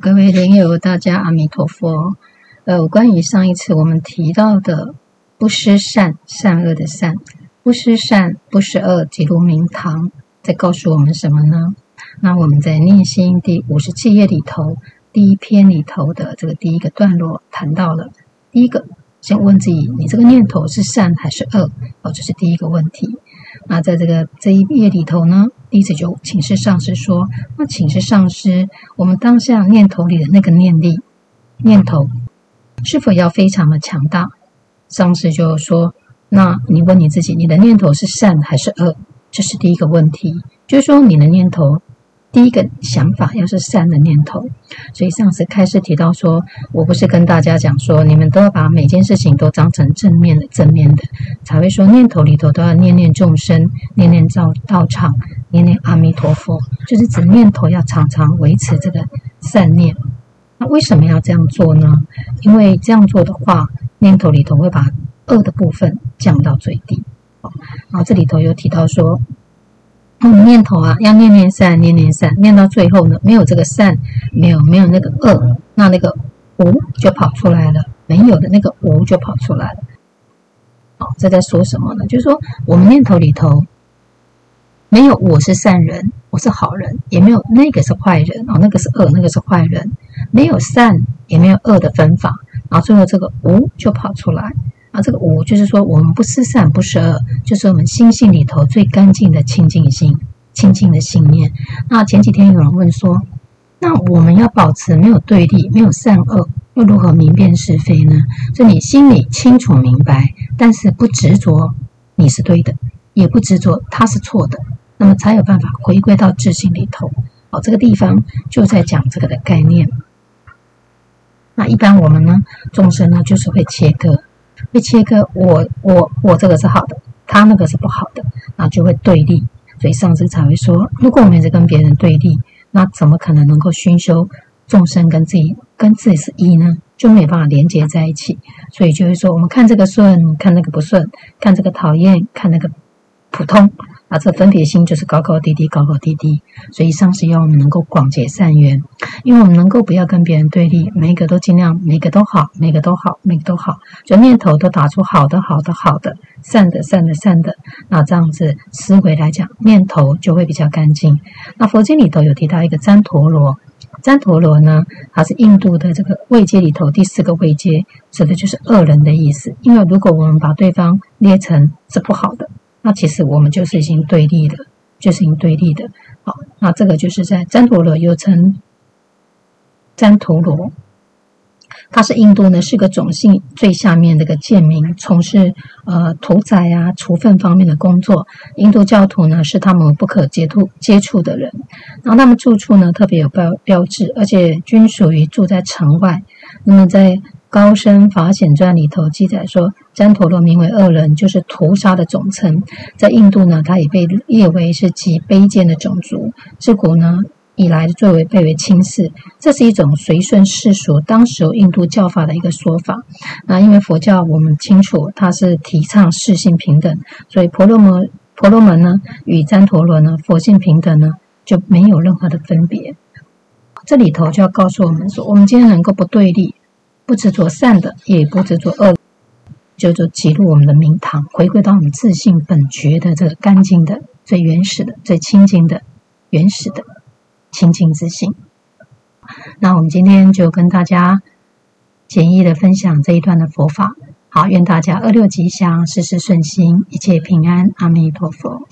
各位蓮友，大家阿彌陀佛。呃，關於上一次我們提到的不思善、善惡的善、不思善、不思惡，即入明堂，在告訴我們什麼呢？那我們在《念心》第五十七頁裡頭，第一篇裡頭的這個第一個段落談到了第一個，先問自己：你這個念頭是善還是惡？哦，這是第一個問題。那在這個這一頁裡頭呢？弟子就請示上師說：“那請示上師，我們當下念頭裡的那個念力、念頭，是否要非常的強大？”上師就說：“那你問你自己，你的念頭是善還是惡？這是第一個問題。就是說，你的念頭第一個想法要是善的念頭。所以，上師開始提到說：‘我不是跟大家講說，你們都要把每件事情都當成正面的，正面的，才會說念頭裡頭都要念念眾生，念念造道場。’”念念阿彌陀佛，就是指念頭要常常維持這個善念。那為什麼要這樣做呢？因為這樣做的話，念頭裡頭會把惡的部分降到最低。哦，然後這裡頭有提到說，嗯，我們念頭啊，要念念善，念念善，念到最後呢，沒有這個善，沒有沒有那個惡，那那個無就跑出來了。沒有的那個無就跑出來了。哦，這在說什麼呢？就是說，我們念頭裡頭。沒有，我是善人，我是好人，也沒有那個是壞人啊、哦，那個是惡，那個是壞人，沒有善也沒有惡的分法，然後最後這個無就跑出來啊，然後這個無就是說我們不思善不思惡，就是我們心性裡頭最乾淨的清淨心、清淨的信念。那前幾天有人問說，那我們要保持沒有對立、沒有善惡，又如何明辨是非呢？就你心裡清楚明白，但是不執着你是對的，也不執着他是錯的。那麼才有辦法回歸到自信裡頭。好、哦，這個地方就在講這個的概念。那一般我們呢，眾生呢，就是會切割，會切割我我我，這個是好的，他那個是不好的，那就會對立。所以上次才會說，如果我們一直跟別人對立，那怎麼可能能夠熏修眾生跟自己跟自己是一呢？就沒辦法連接在一起。所以就會說，我們看這個順，看那個不順，看這個討厭，看那個普通。啊，這分別心就是高高低低，高高低低。所以，上師要我們能夠廣結善緣，因為我們能夠不要跟別人對立，每一個都盡量，每一個都好，每一個都好，每個都好，就念頭都打出好的、好的、好的，善的、善的、善的。那這樣子思維來講，念頭就會比較乾淨。那佛經裡頭有提到一個旃陀羅，旃陀羅呢，它是印度的這個位階裡頭第四個位階，指的就是惡人的意思。因為如果我們把對方捏成是不好的。那其實我們就是已經對立的，就是已經對立的。好，那這個就是在旃陀羅，又稱旃陀羅，他是印度呢，是個種姓最下面這個賤民，從事呃屠宰啊、除糞方面的工作。印度教徒呢，是他們不可接觸接觸的人。然後他們住處呢特別有標標誌，而且均屬於住在城外。那麼在高僧法顯傳裡頭記載說。旃陀羅名為惡人，就是屠殺的總稱。在印度呢，它也被列為是極卑賤的種族。自古呢以來，最為被人輕視。這是一種隨順世俗、當時印度教法的一個說法。那因為佛教我們清楚，它是提倡四姓平等，所以婆羅門婆羅門呢，與旃陀羅呢，佛性平等呢，就沒有任何的分別。這裡頭就要告訴我們說，我們今天能夠不對立，不執着善的，也不執着惡。就就即入我們的明堂，回歸到我們自性本覺的這個乾淨的、最原始的、最清淨的原始的清淨自性。那我們今天就跟大家簡易的分享這一段的佛法。好，願大家二六吉祥，事事順心，一切平安。阿彌陀佛。